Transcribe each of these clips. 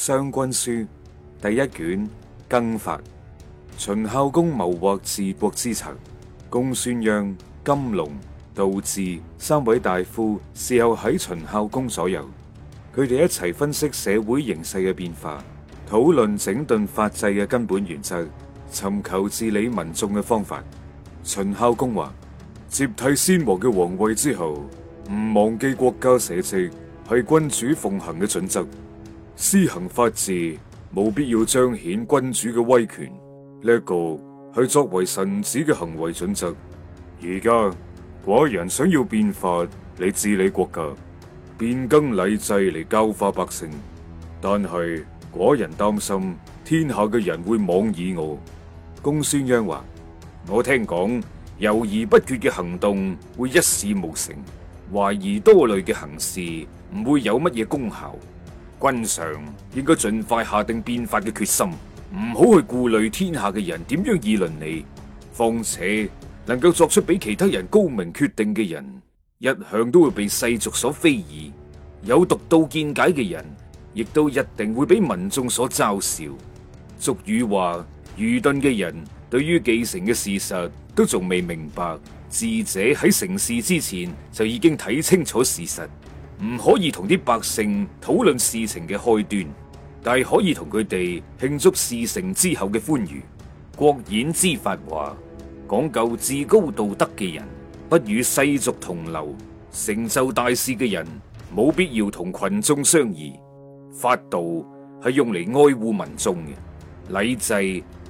《商君書》第一卷更法，秦孝公謀獲治國之策，公孫鞅金龍、杜摯三位大夫。事後喺秦孝公左右，佢哋一齊分析社會形勢嘅變化，討論整頓法制嘅根本原則，尋求治理民眾嘅方法。秦孝公話：接替先王嘅皇位之後，唔忘記國家社稷係君主奉行嘅準則。施行法治，務必要彰顯君主嘅威權。呢、這個係作為臣子嘅行為準則。而家寡人想要變法嚟治理國家，變更禮制嚟教化百姓，但係寡人擔心天下嘅人會妄議我。公孫鞅話：我聽講猶豫不決嘅行動會一事無成，懷疑多慮嘅行事唔會有乜嘢功效。君上應該盡快下定變法嘅決心，唔好去顧慮天下嘅人點樣議論你。況且能夠作出比其他人高明決定嘅人，一向都會被世俗所非議；有獨到見解嘅人，亦都一定會被民眾所嘲笑。俗語話：愚鈍嘅人對於既成嘅事實都仲未明白，智者喺成事之前就已經睇清楚事實。唔可以同啲百姓討論事情嘅開端，但係可以同佢哋慶祝事成之後嘅歡愉。國演之法話，講究至高道德嘅人不與世俗同流，成就大事嘅人冇必要同群眾商議。法度係用嚟愛護民眾嘅，禮制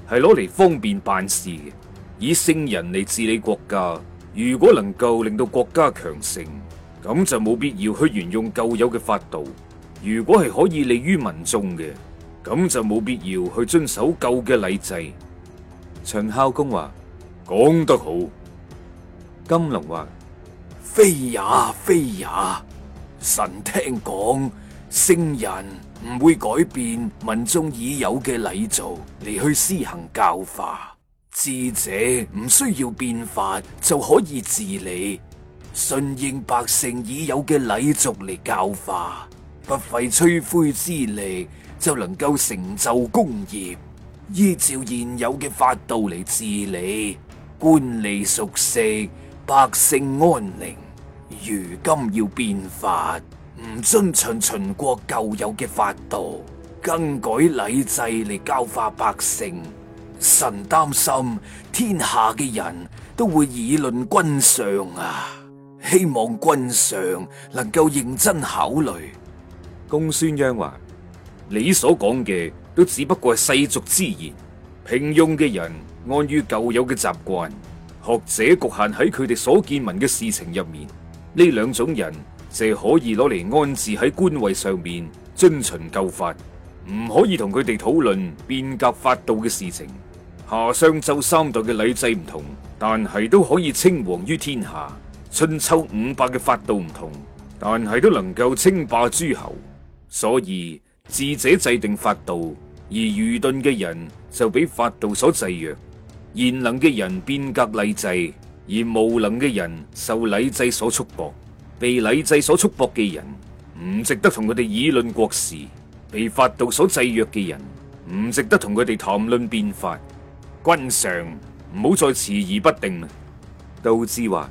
係攞嚟方便辦事嘅。以聖人嚟治理國家，如果能夠令到國家強盛。咁就冇必要去沿用舊有嘅法度。如果係可以利於民眾嘅，咁就冇必要去遵守舊嘅禮制。秦孝公話：講得好。金龍話：非也，非也。神聽講，聖人唔會改變民眾已有嘅禮俗嚟，去施行教化。智者唔需要變法就可以治理。順應百姓已有嘅禮俗嚟教化，不費吹灰之力就能夠成就功業；依照現有嘅法度嚟治理，官吏熟悉，百姓安寧。如今要變法，唔遵從秦國舊有嘅法度，更改禮制嚟教化百姓，臣擔心天下嘅人都會議論君上啊！希望君上能夠認真考慮。公孫鞅話：你所講嘅都只不過係世俗之言。平庸嘅人安於舊有嘅習慣，學者局限喺佢哋所見聞嘅事情入面。呢兩種人就係可以攞嚟安置喺官位上面，遵循舊法，唔可以同佢哋討論變革法度嘅事情。夏商周三代嘅禮制唔同，但係都可以稱王於天下。春秋五百嘅法度唔同，但係都能夠稱霸諸侯，所以智者制定法度，而愚鈍嘅人就俾法度所制約；賢能嘅人變革禮制，而無能嘅人受禮制所束縛。被禮制所束縛嘅人唔值得同佢哋議論國事，被法度所制約嘅人唔值得同佢哋談論變法。君常唔好再遲疑不定，導致話。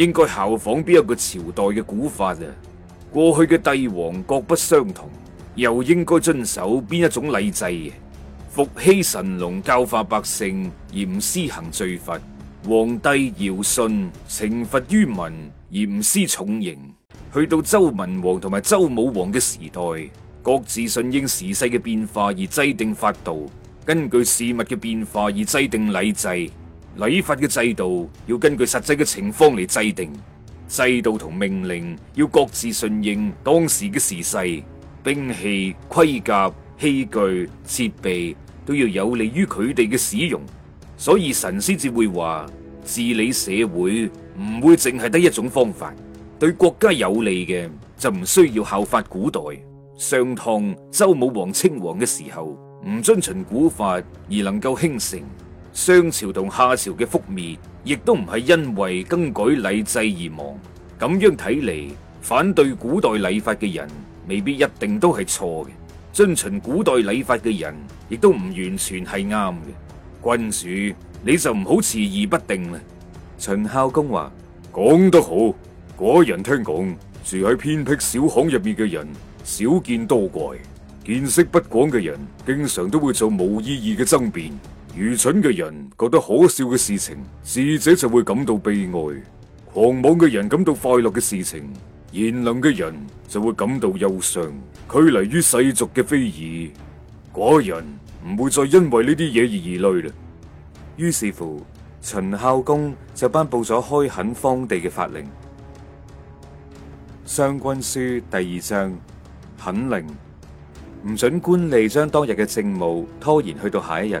應該效仿邊一個朝代嘅古法啊？過去嘅帝王各不相同，又應該遵守邊一種禮制？伏羲神龍教化百姓，而唔施行罪罰；皇帝堯舜懲罰於民，而唔施重刑。去到周文王同埋周武王嘅時代，各自順應時勢嘅變化而制定法度，根據事物嘅變化而制定禮制。禮法嘅制度要根據實際嘅情況嚟制定，制度同命令要各自順應當時嘅時勢，兵器、盔甲、器具、設備都要有利於佢哋嘅使用。所以神師先至會話治理社會唔會淨係得一種方法，對國家有利嘅就唔需要效法古代。商湯、周武王、稱王嘅時候唔遵循古法而能夠興盛。商朝同夏朝嘅覆滅，亦都唔係因為更改禮制而亡。咁樣睇嚟，反對古代禮法嘅人未必一定都係錯嘅；遵循古代禮法嘅人，亦都唔完全係啱嘅。君主，你就唔好遲疑不定啦。秦孝公話：講得好，果人聽講，住喺偏僻小巷入面嘅人，少見多怪，見識不廣嘅人，經常都會做冇意義嘅爭辯。愚蠢嘅人覺得可笑嘅事情，智者就會感到悲哀；狂妄嘅人感到快樂嘅事情，賢能嘅人就會感到憂傷。驅離於世俗嘅非議，寡人唔會再因為呢啲嘢而疑慮啦。於是乎，秦孝公就頒布咗開墾荒地嘅法令。《商君書》第二章：墾令，唔准官吏將當日嘅政務拖延去到下一日。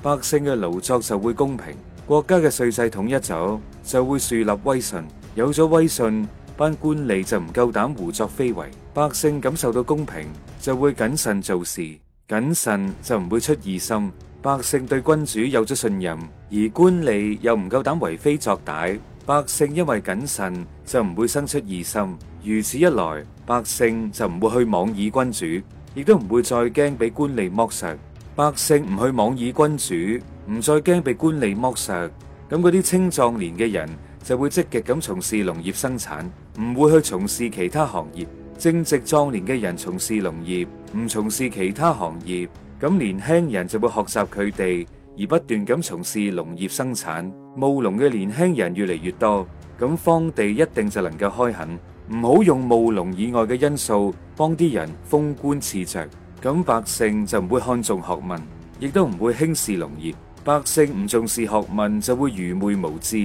百姓嘅勞作就會公平，國家嘅稅制統一咗就會樹立威信。有咗威信，班官吏就唔夠膽胡作非為。百姓感受到公平，就會謹慎做事，謹慎就唔會出異心。百姓對君主有咗信任，而官吏又唔夠膽為非作歹。百姓因為謹慎就唔會生出異心。如此一來，百姓就唔會去妄議君主，亦都唔會再驚俾官吏剝削。百姓唔去妄議君主，唔再驚被官吏剝削，咁嗰啲青壯年嘅人就會積極咁從事農業生產，唔會去從事其他行業。正值壯年嘅人從事農業，唔從事其他行業，咁年輕人就會學習佢哋，而不斷咁從事農業生產。務農嘅年輕人越嚟越多，咁荒地一定就能夠開墾。唔好用務農以外嘅因素幫啲人封官賜爵。咁百姓就唔會看重學問，亦都唔會輕視農業。百姓唔重視學問，就會愚昧無知；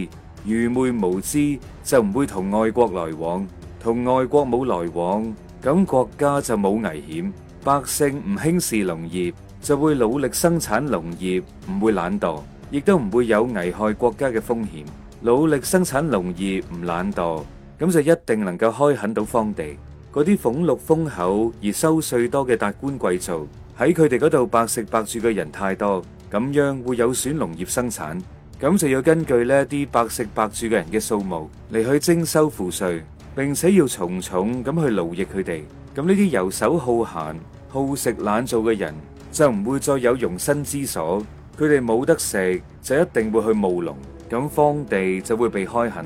愚昧無知就唔會同外國來往，同外國冇來往，咁國家就冇危險。百姓唔輕視農業，就會努力生產農業，唔會懶惰，亦都唔會有危害國家嘅風險。努力生產農業唔懶惰，咁就一定能夠開墾到荒地。嗰啲俸祿豐厚而收稅多嘅達官貴族，喺佢哋嗰度白食白住嘅人太多，咁樣會有損農業生產。咁就要根據呢一啲白食白住嘅人嘅數目嚟去徵收賦稅，並且要重重咁去勞役佢哋。咁呢啲游手好閒、好食懶做嘅人就唔會再有容身之所。佢哋冇得食，就一定會去務農。咁荒地就會被開墾，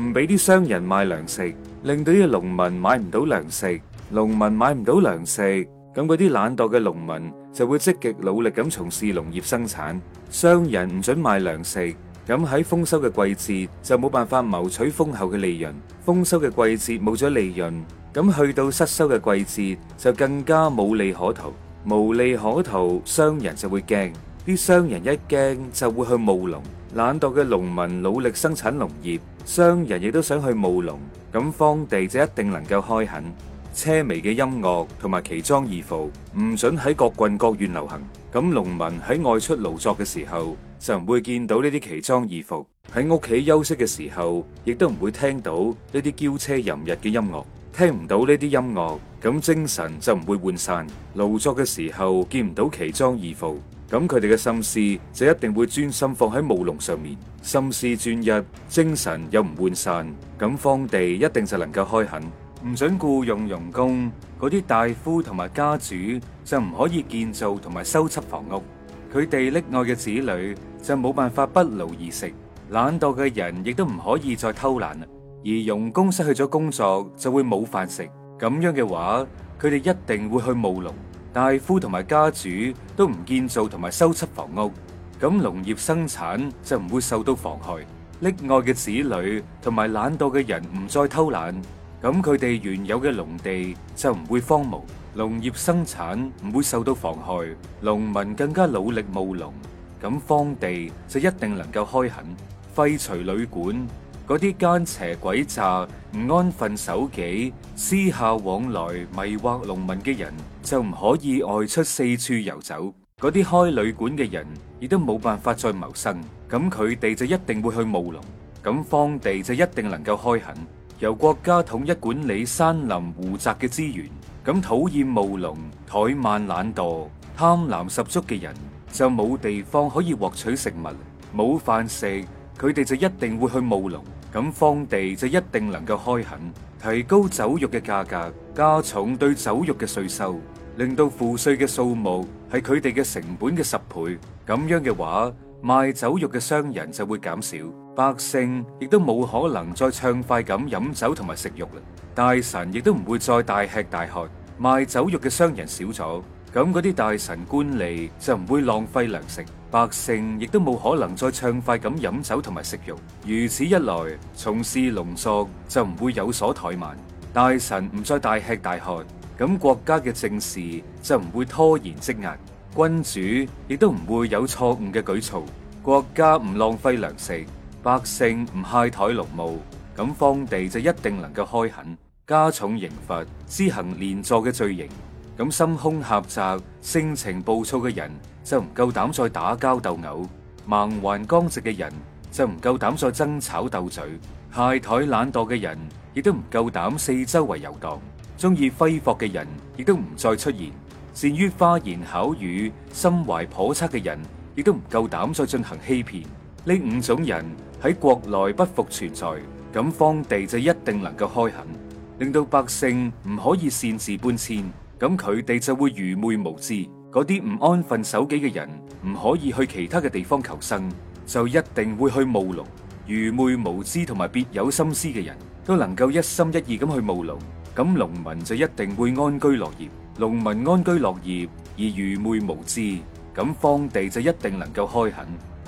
唔俾啲商人賣糧食。令到啲農民買唔到糧食，農民買唔到糧食，咁嗰啲懶惰嘅農民就會積極努力咁從事農業生產。商人唔准賣糧食，咁喺豐收嘅季節就冇辦法謀取豐厚嘅利潤。豐收嘅季節冇咗利潤，咁去到失收嘅季節就更加冇利可圖。無利可圖，商人就會驚，啲商人一驚就會去務農。懶惰嘅農民努力生產農業，商人亦都想去務農，咁荒地就一定能夠開墾。奢靡嘅音樂同埋奇裝異服唔准喺各郡各縣流行，咁農民喺外出勞作嘅時候就唔會見到呢啲奇裝異服，喺屋企休息嘅時候亦都唔會聽到呢啲驕奢淫逸嘅音樂，聽唔到呢啲音樂，咁精神就唔會渙散。勞作嘅時候見唔到奇裝異服。咁佢哋嘅心思就一定會專心放喺務農上面，心思專一，精神又唔渙散，咁荒地一定就能夠開墾。唔准雇傭傭工，嗰啲大夫同埋家主就唔可以建造同埋修葺房屋，佢哋溺愛嘅子女就冇辦法不勞而食，懶惰嘅人亦都唔可以再偷懶啦。而傭工失去咗工作就會冇飯食，咁樣嘅話，佢哋一定會去務農。大夫同埋家主都唔建造同埋修葺房屋，咁農業生產就唔會受到妨害。溺愛嘅子女同埋懶惰嘅人唔再偷懶，咁佢哋原有嘅農地就唔會荒蕪，農業生產唔會受到妨害，農民更加努力務農，咁荒地就一定能夠開墾，廢除旅館。嗰啲奸邪詭詐、唔安分守己、私下往來迷惑農民嘅人，就唔可以外出四處遊走。嗰啲開旅館嘅人亦都冇辦法再謀生，咁佢哋就一定會去務農。咁荒地就一定能夠開墾，由國家統一管理山林湖澤嘅資源。咁討厭務農、怠慢懶惰、貪婪十足嘅人，就冇地方可以獲取食物，冇飯食，佢哋就一定會去務農。咁荒地就一定能夠開墾，提高酒肉嘅價格，加重對酒肉嘅稅收，令到賦稅嘅數目係佢哋嘅成本嘅十倍。咁樣嘅話，賣酒肉嘅商人就會減少，百姓亦都冇可能再暢快咁飲酒同埋食肉啦。大臣亦都唔會再大吃大喝，賣酒肉嘅商人少咗，咁嗰啲大臣官吏就唔會浪費糧食。百姓亦都冇可能再暢快咁飲酒同埋食肉，如此一來，從事農作就唔會有所怠慢，大臣唔再大吃大喝，咁國家嘅政事就唔會拖延積壓，君主亦都唔會有錯誤嘅舉措，國家唔浪費糧食，百姓唔懈怠農務，咁荒地就一定能夠開墾。加重刑罰，施行連坐嘅罪刑，咁心胸狹窄、性情暴躁嘅人，就唔夠膽再打交鬥毆，盲頑剛直嘅人就唔夠膽再爭吵鬥嘴，懈怠懶惰嘅人亦都唔夠膽四周圍遊蕩，中意揮霍嘅人亦都唔再出現，善於花言巧語、心懷叵測嘅人亦都唔夠膽再進行欺騙。呢五種人喺國內不復存在，咁荒地就一定能夠開墾，令到百姓唔可以擅自搬遷，咁佢哋就會愚昧無知。嗰啲唔安分守己嘅人，唔可以去其他嘅地方求生，就一定會去務農。愚昧無知同埋別有心思嘅人都能夠一心一意咁去務農，咁農民就一定會安居樂業。農民安居樂業而愚昧無知，咁荒地就一定能夠開墾。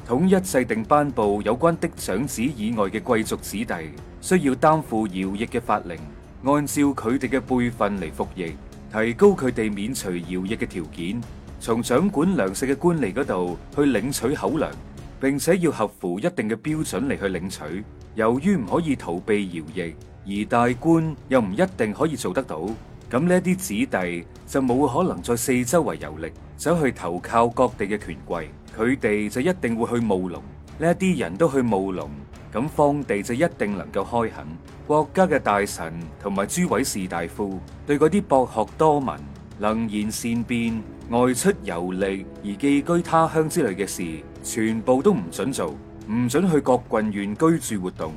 統一制定頒布有關嫡長子以外嘅貴族子弟需要擔負徭役嘅法令，按照佢哋嘅輩分嚟服役。提高佢哋免除徭役嘅條件，從掌管糧食嘅官吏嗰度去領取口糧，並且要合乎一定嘅標準嚟去領取。由於唔可以逃避徭役，而大官又唔一定可以做得到，咁呢啲子弟就冇可能在四周圍遊歷，走去投靠各地嘅權貴，佢哋就一定會去務農。呢一啲人都去務農。咁荒地就一定能夠開墾。國家嘅大臣同埋諸位士大夫，對嗰啲博學多聞、能言善辯、外出遊歷而寄居他鄉之類嘅事，全部都唔准做，唔准去各郡縣居住活動。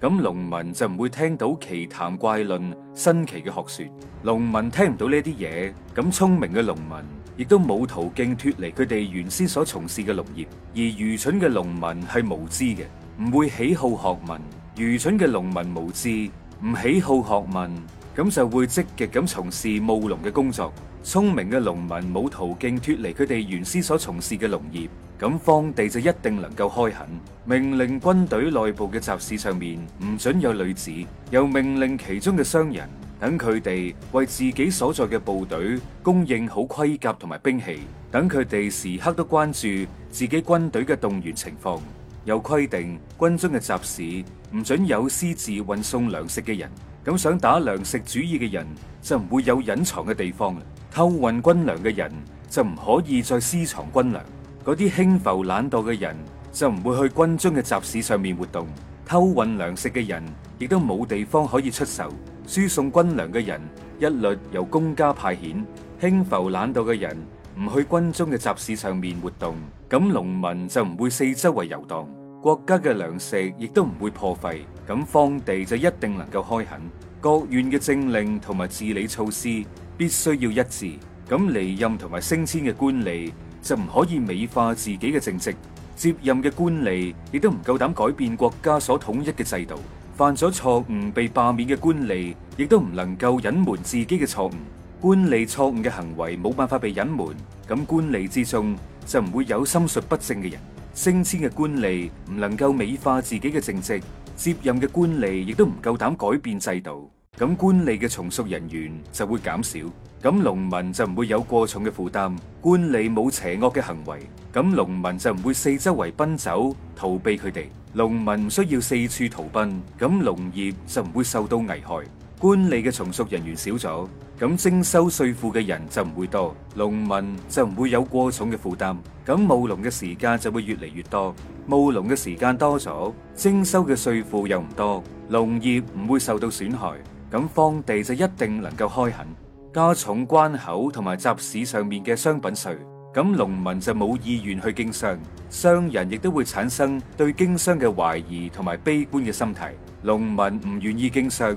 咁農民就唔會聽到奇談怪論、新奇嘅學說。農民聽唔到呢啲嘢，咁聰明嘅農民亦都冇途徑脫離佢哋原先所從事嘅農業。而愚蠢嘅農民係無知嘅。唔會喜好學問，愚蠢嘅農民無知，唔喜好學問，咁就會積極咁從事務農嘅工作。聰明嘅農民冇途徑脫離佢哋原先所從事嘅農業，咁荒地就一定能夠開墾。命令軍隊內部嘅集市上面，唔准有女子，又命令其中嘅商人，等佢哋為自己所在嘅部隊供應好盔甲同埋兵器，等佢哋時刻都關注自己軍隊嘅動員情況。有規定，軍中嘅集市唔准有私自運送糧食嘅人。咁想打糧食主意嘅人就唔會有隱藏嘅地方。偷運軍糧嘅人就唔可以再私藏軍糧。嗰啲輕浮懶惰嘅人就唔會去軍中嘅集市上面活動。偷運糧食嘅人亦都冇地方可以出售。輸送軍糧嘅人一律由公家派遣。輕浮懶惰嘅人。唔去軍中嘅集市上面活動，咁農民就唔會四周圍遊蕩，國家嘅糧食亦都唔會破費，咁荒地就一定能夠開墾。各縣嘅政令同埋治理措施必須要一致，咁離任同埋升遷嘅官吏就唔可以美化自己嘅政績，接任嘅官吏亦都唔夠膽改變國家所統一嘅制度，犯咗錯誤被罷免嘅官吏亦都唔能夠隱瞞自己嘅錯誤。官吏錯誤嘅行為冇辦法被隱瞞，咁官吏之中就唔會有心術不正嘅人。升遷嘅官吏唔能夠美化自己嘅政績，接任嘅官吏亦都唔夠膽改變制度，咁官吏嘅從屬人員就會減少，咁農民就唔會有過重嘅負擔。官吏冇邪惡嘅行為，咁農民就唔會四周圍奔走逃避佢哋，農民唔需要四處逃奔，咁農業就唔會受到危害。官吏嘅從屬人員少咗，咁徵收稅負嘅人就唔會多，農民就唔會有過重嘅負擔，咁務農嘅時間就會越嚟越多。務農嘅時間多咗，徵收嘅稅負又唔多，農業唔會受到損害，咁荒地就一定能夠開墾。加重關口同埋集市上面嘅商品稅，咁農民就冇意願去經商，商人亦都會產生對經商嘅懷疑同埋悲觀嘅心態，農民唔願意經商。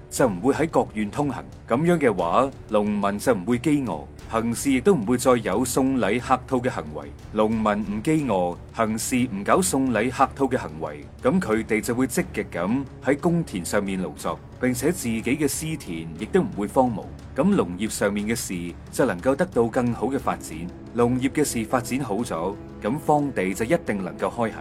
就唔會喺各縣通行，咁樣嘅話，農民就唔會饑餓，行事亦都唔會再有送禮客套嘅行為。農民唔饑餓，行事唔搞送禮客套嘅行為，咁佢哋就會積極咁喺公田上面勞作，並且自己嘅私田亦都唔會荒蕪。咁農業上面嘅事就能夠得到更好嘅發展。農業嘅事發展好咗，咁荒地就一定能夠開墾。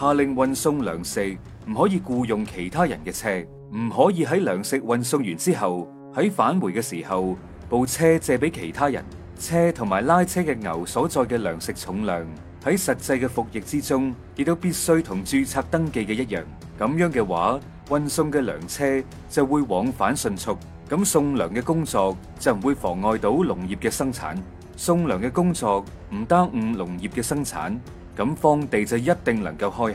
下令運送糧食，唔可以僱傭其他人嘅車。唔可以喺糧食運送完之後，喺返回嘅時候，部車借俾其他人，車同埋拉車嘅牛所在嘅糧食重量喺實際嘅服役之中，亦都必須同注冊登記嘅一樣。咁樣嘅話，運送嘅糧車就會往返迅速，咁送糧嘅工作就唔會妨礙到農業嘅生產。送糧嘅工作唔耽誤農業嘅生產，咁荒地就一定能夠開墾。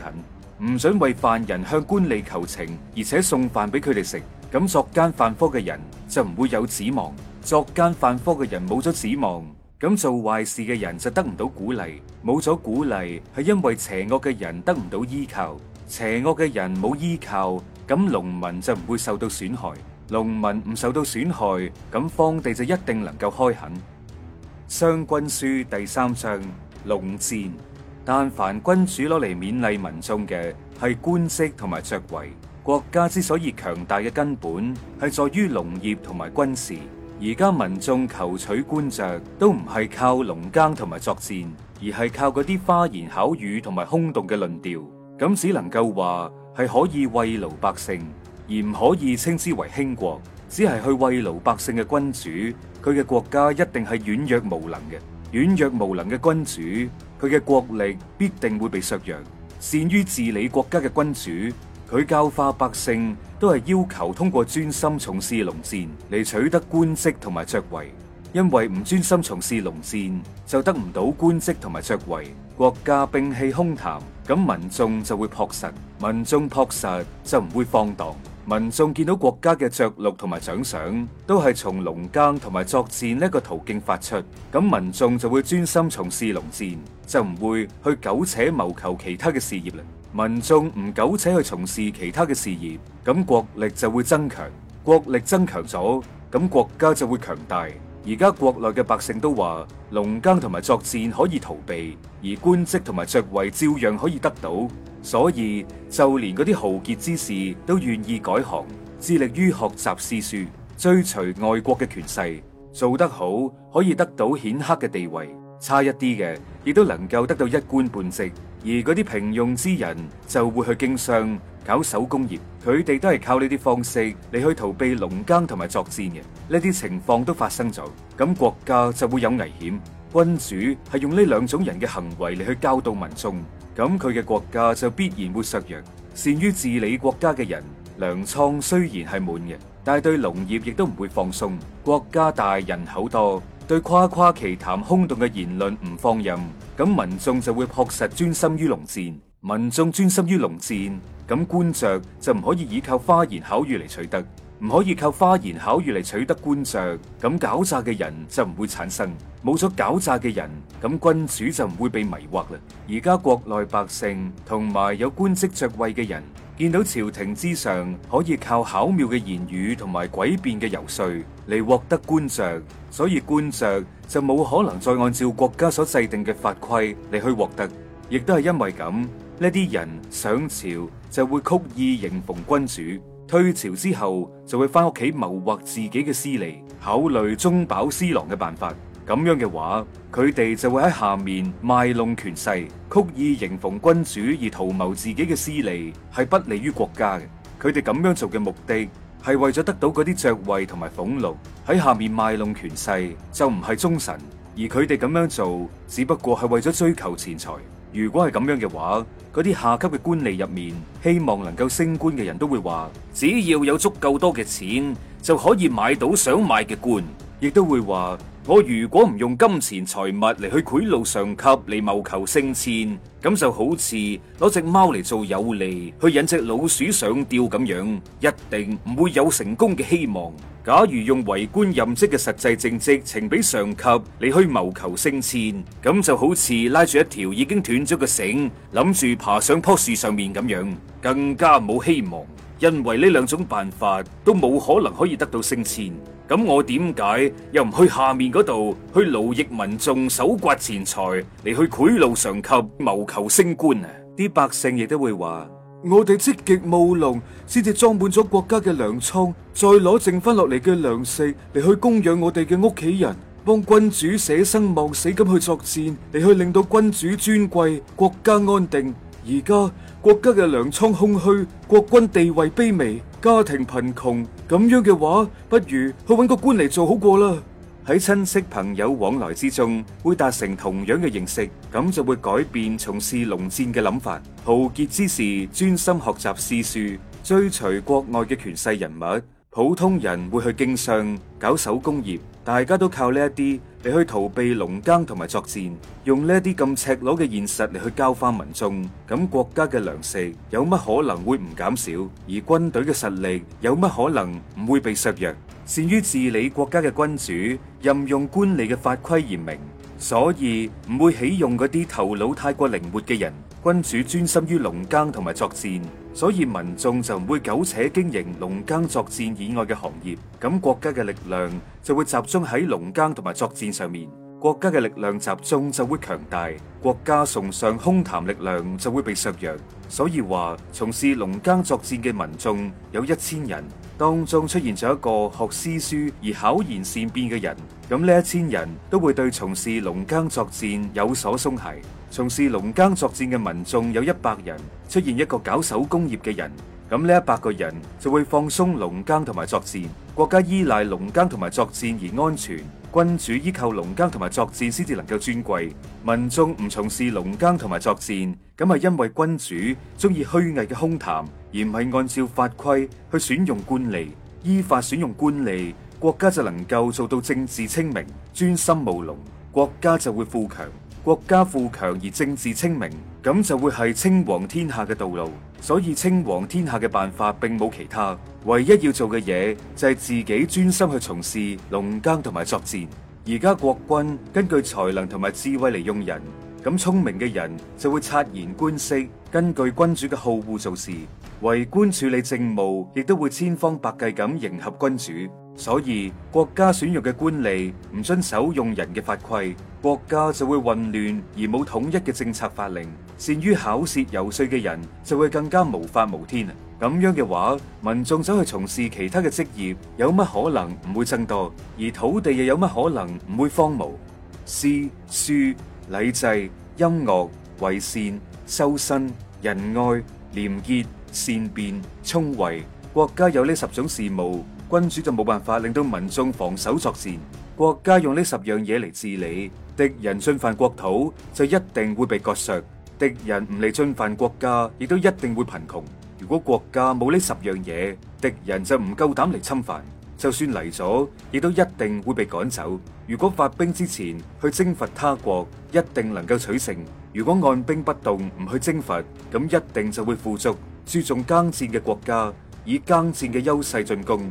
唔準為犯人向官吏求情，而且送飯俾佢哋食。咁作奸犯科嘅人就唔會有指望。作奸犯科嘅人冇咗指望，咁做壞事嘅人就得唔到鼓勵。冇咗鼓勵，係因為邪惡嘅人得唔到依靠。邪惡嘅人冇依靠，咁農民就唔會受到損害。農民唔受到損害，咁荒地就一定能夠開墾。《商君書》第三章：農戰。但凡君主攞嚟勉勵民眾嘅係官職同埋爵位，國家之所以強大嘅根本係在於農業同埋軍事。而家民眾求取官爵都唔係靠農耕同埋作戰，而係靠嗰啲花言巧語同埋空洞嘅論調。咁只能夠話係可以慰勞百姓，而唔可以稱之為興國。只係去慰勞百姓嘅君主，佢嘅國家一定係軟弱無能嘅。軟弱無能嘅君主。佢嘅國力必定會被削弱。善於治理國家嘅君主，佢教化百姓都係要求通過專心從事農戰嚟，取得官職同埋爵位。因為唔專心從事農戰，就得唔到官職同埋爵位。國家摒棄空談，咁民眾就會樸實。民眾樸實就唔會放蕩。民眾見到國家嘅着落同埋獎賞，都係從農耕同埋作戰呢一個途徑發出，咁民眾就會專心從事農戰，就唔會去苟且謀求其他嘅事業啦。民眾唔苟且去從事其他嘅事業，咁國力就會增強，國力增強咗，咁國家就會強大。而家國內嘅百姓都話，農耕同埋作戰可以逃避，而官職同埋爵位照樣可以得到，所以就連嗰啲豪傑之士都願意改行，致力於學習詩書，追隨外國嘅權勢，做得好可以得到顯赫嘅地位，差一啲嘅亦都能夠得到一官半職，而嗰啲平庸之人就會去經商。搞手工業，佢哋都係靠呢啲方式嚟去逃避農耕同埋作戰嘅。呢啲情況都發生咗，咁國家就會有危險。君主係用呢兩種人嘅行為嚟去教導民眾，咁佢嘅國家就必然會削弱。善於治理國家嘅人，糧倉雖然係滿嘅，但係對農業亦都唔會放鬆。國家大，人口多，對誇誇其談、空洞嘅言論唔放任，咁民眾就會樸實專心於農戰。民眾專心於農戰，咁官爵就唔可以依靠花言巧語嚟取得，唔可以靠花言巧語嚟取得官爵。咁狡詐嘅人就唔會產生，冇咗狡詐嘅人，咁君主就唔會被迷惑啦。而家國內百姓同埋有官職爵位嘅人，見到朝廷之上可以靠巧妙嘅言語同埋詭辯嘅游說嚟獲得官爵，所以官爵就冇可能再按照國家所制定嘅法規嚟去獲得。亦都係因為咁，呢啲人上朝。就會曲意迎逢君主，退朝之後就會翻屋企謀劃自己嘅私利，考慮中飽私囊嘅辦法。咁樣嘅話，佢哋就會喺下面賣弄權勢，曲意迎逢君主而圖謀自己嘅私利，係不利於國家嘅。佢哋咁樣做嘅目的係為咗得到嗰啲爵位同埋俸祿，喺下面賣弄權勢就唔係忠臣，而佢哋咁樣做只不過係為咗追求錢財。如果係咁樣嘅話，嗰啲下級嘅官吏入面，希望能夠升官嘅人都會話，只要有足夠多嘅錢，就可以買到想買嘅官，亦都會話。我如果唔用金錢財物嚟去賄賂上級嚟謀求升遷，咁就好似攞隻貓嚟做誘餌，去引隻老鼠上吊咁樣，一定唔會有成功嘅希望。假如用為官任職嘅實際政績呈俾上級你去謀求升遷，咁就好似拉住一條已經斷咗嘅繩，諗住爬上棵樹上面咁樣，更加冇希望。因為呢兩種辦法都冇可能可以得到升遷，咁我點解又唔去下面嗰度去勞役民眾、搜刮錢財嚟去賄賂上級、謀求升官啊？啲百姓亦都會話：我哋積極務農，先至裝滿咗國家嘅糧倉，再攞剩翻落嚟嘅糧食嚟去供養我哋嘅屋企人，幫君主捨生忘死咁去作戰，嚟去令到君主尊貴、國家安定。而家。國家嘅糧倉空虛，國君地位卑微，家庭貧窮，咁樣嘅話，不如去搵個官嚟做好過啦。喺親戚朋友往來之中，會達成同樣嘅認識，咁就會改變從事農戰嘅諗法。豪傑之士，專心學習詩書，追隨國外嘅權勢人物。普通人會去經商、搞手工業，大家都靠呢一啲嚟去逃避農耕同埋作戰，用呢一啲咁赤裸嘅現實嚟去教化民眾。咁國家嘅糧食有乜可能會唔減少？而軍隊嘅實力有乜可能唔會被削弱？善於治理國家嘅君主任用官吏嘅法規嚴明，所以唔會起用嗰啲頭腦太過靈活嘅人。君主專心於農耕同埋作戰。所以民眾就唔會苟且經營農耕作戰以外嘅行業，咁國家嘅力量就會集中喺農耕同埋作戰上面，國家嘅力量集中就會強大，國家崇尚空談力量就會被削弱。所以話從事農耕作戰嘅民眾有一千人，當中出現咗一個學詩書而巧言善辯嘅人。咁呢一千人都會對從事農耕作戰有所鬆懈，從事農耕作戰嘅民眾有一百人，出現一個搞手工業嘅人，咁呢一百個人就會放鬆農耕同埋作戰。國家依賴農耕同埋作戰而安全，君主依靠農耕同埋作戰先至能夠尊貴。民眾唔從事農耕同埋作戰，咁係因為君主中意虛偽嘅空談，而唔係按照法規去選用官吏，依法選用官吏。國家就能夠做到政治清明、專心務農，國家就會富強。國家富強而政治清明，咁就會係稱王天下嘅道路。所以稱王天下嘅辦法並冇其他，唯一要做嘅嘢就係自己專心去從事農耕同埋作戰。而家國君根據才能同埋智慧嚟用人，咁聰明嘅人就會察言觀色，根據君主嘅好惡做事。為官處理政務，亦都會千方百計咁迎合君主。所以國家選用嘅官吏唔遵守用人嘅法規，國家就會混亂而冇統一嘅政策法令。善於巧舌遊說嘅人就會更加無法無天啊！咁樣嘅話，民眾走去從事其他嘅職業，有乜可能唔會增多？而土地又有乜可能唔會荒蕪？詩書禮制、音樂、為善、修身、仁愛、廉潔、善變、聰慧，國家有呢十種事務。君主就冇辦法令到民眾防守作戰，國家用呢十樣嘢嚟治理，敵人進犯國土就一定會被割削；敵人唔嚟進犯國家，亦都一定會貧窮。如果國家冇呢十樣嘢，敵人就唔夠膽嚟侵犯，就算嚟咗，亦都一定會被趕走。如果發兵之前去征伐他國，一定能夠取勝；如果按兵不動，唔去征伐，咁一定就會富足。注重耕戰嘅國家，以耕戰嘅優勢進攻。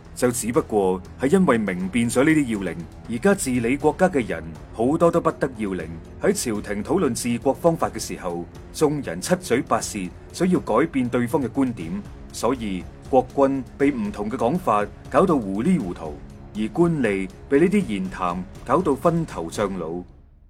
就只不過係因為明辨咗呢啲要領，而家治理國家嘅人好多都不得要領。喺朝廷討論治國方法嘅時候，眾人七嘴八舌，想要改變對方嘅觀點。所以國君被唔同嘅講法搞到糊裏糊塗，而官吏被呢啲言談搞到昏頭脹腦，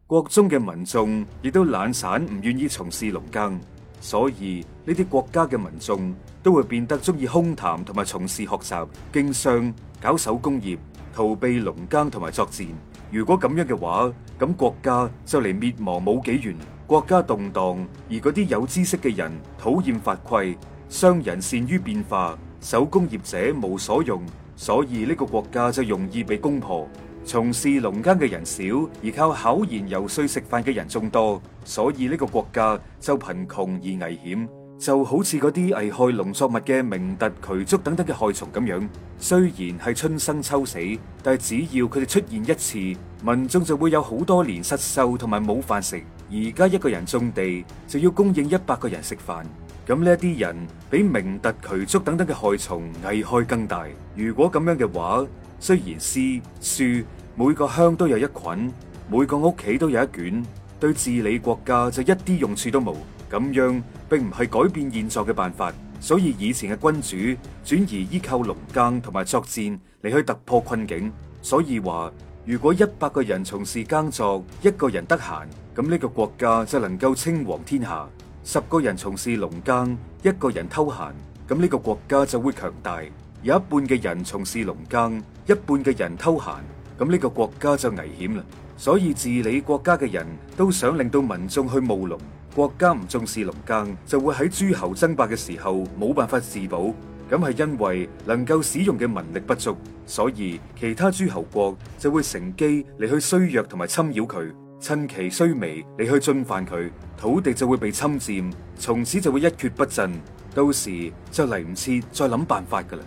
國中嘅民眾亦都懶散，唔願意從事農耕。所以呢啲國家嘅民眾。都會變得中意空談同埋從事學習、經商、搞手工業、逃避農耕同埋作戰。如果咁樣嘅話，咁國家就離滅亡冇幾遠。國家動盪，而嗰啲有知識嘅人討厭法規，商人善於變化，手工業者無所用，所以呢個國家就容易被攻破。從事農耕嘅人少，而靠巧言游說食飯嘅人眾多，所以呢個國家就貧窮而危險。就好似嗰啲危害農作物嘅螟螣蚼蠋等等嘅害蟲咁樣，雖然係春生秋死，但係只要佢哋出現一次，民眾就會有好多年失收同埋冇飯食。而家一個人種地就要供應一百個人食飯，咁呢啲人比螟螣蚼蠋等等嘅害蟲危害更大。如果咁樣嘅話，雖然詩書每個鄉都有一捆，每個屋企都有一卷，對治理國家就一啲用處都冇，咁樣。並唔係改變現狀嘅辦法，所以以前嘅君主轉而依靠農耕同埋作戰嚟去突破困境。所以話，如果一百個人從事耕作，一個人得閒，咁呢個國家就能夠稱王天下；十個人從事農耕，一個人偷閒，咁呢個國家就會強大；有一半嘅人從事農耕，一半嘅人偷閒，咁呢個國家就危險啦。所以治理國家嘅人都想令到民眾去務農。國家唔重視農耕，就會喺諸侯爭霸嘅時候冇辦法自保。咁係因為能夠使用嘅民力不足，所以其他諸侯國就會乘機嚟去衰弱，同埋侵擾佢，趁其衰微嚟去進犯佢，土地就會被侵占，從此就會一蹶不振。到時就嚟唔切再諗辦法㗎喇。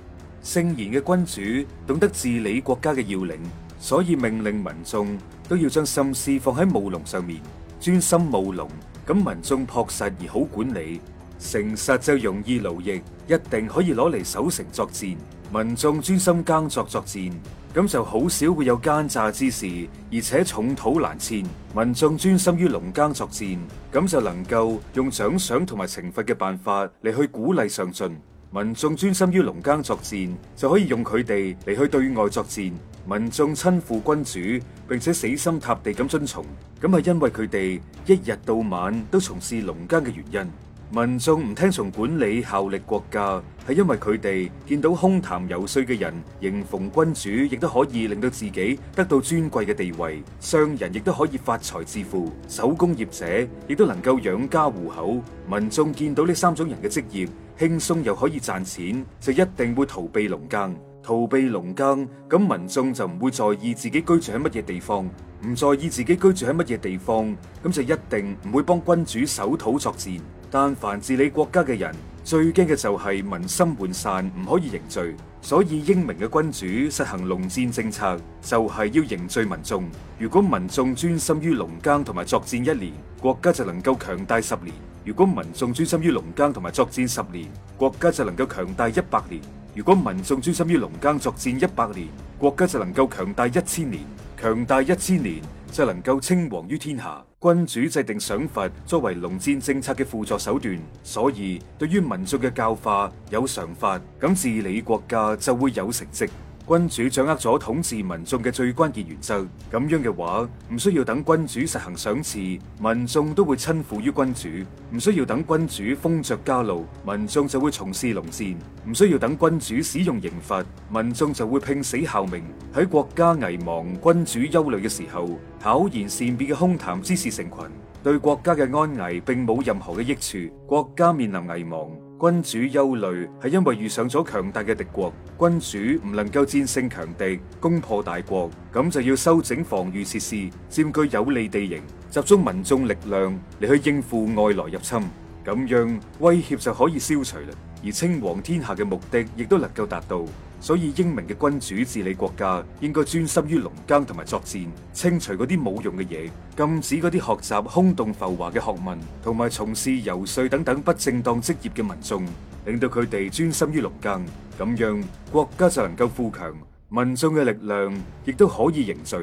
聖賢嘅君主懂得治理國家嘅要領，所以命令民眾都要將心思放喺務農上面，專心務農。咁民眾樸實而好管理，誠實就容易勞役，一定可以攞嚟守城作戰。民眾專心耕作作戰，咁就好少會有奸詐之事，而且重土難遷。民眾專心於農耕作戰，咁就能夠用獎賞同埋懲罰嘅辦法嚟去鼓勵上進。民眾專心於農耕作戰，就可以用佢哋嚟去對外作戰。民眾親附君主，並且死心塌地咁遵從，咁係因為佢哋一日到晚都從事農耕嘅原因。民眾唔聽從管理效力國家，係因為佢哋見到空談游說嘅人迎逢君主，亦都可以令到自己得到尊貴嘅地位；商人亦都可以發財致富，手工業者亦都能夠養家糊口。民眾見到呢三種人嘅職業。輕鬆又可以賺錢，就一定會逃避農耕。逃避農耕，咁民眾就唔會在意自己居住喺乜嘢地方，唔在意自己居住喺乜嘢地方，咁就一定唔會幫君主守土作戰。但凡治理國家嘅人，最驚嘅就係民心渙散，唔可以凝聚。所以英明嘅君主實行農戰政策，就係要凝聚民眾。如果民眾專心於農耕同埋作戰一年，國家就能夠強大十年。如果民眾專心於農耕同埋作戰十年，國家就能夠強大一百年；如果民眾專心於農耕作戰一百年，國家就能夠強大一千年。強大一千年就能夠稱王於天下。君主制定想法，作為農戰政策嘅輔助手段，所以對於民眾嘅教化有常法，咁治理國家就會有成績。君主掌握咗統治民眾嘅最關鍵原則，咁樣嘅話，唔需要等君主實行賞賜，民眾都會親附於君主；唔需要等君主封爵加祿，民眾就會從事農戰；唔需要等君主使用刑罰，民眾就會拼死效命。喺國家危亡、君主憂慮嘅時候，巧言善辯嘅空談之士成群，對國家嘅安危並冇任何嘅益處，國家面臨危亡。君主憂慮係因為遇上咗強大嘅敵國，君主唔能夠戰勝強敵，攻破大國，咁就要修整防禦設施，佔據有利地形，集中民眾力量嚟去應付外來入侵，咁樣威脅就可以消除啦，而稱王天下嘅目的亦都能夠達到。所以英明嘅君主治理國家，應該專心於農耕同埋作戰，清除嗰啲冇用嘅嘢，禁止嗰啲學習空洞浮華嘅學問，同埋從事游說等等不正當職業嘅民眾，令到佢哋專心於農耕，咁樣國家就能夠富強，民眾嘅力量亦都可以凝聚。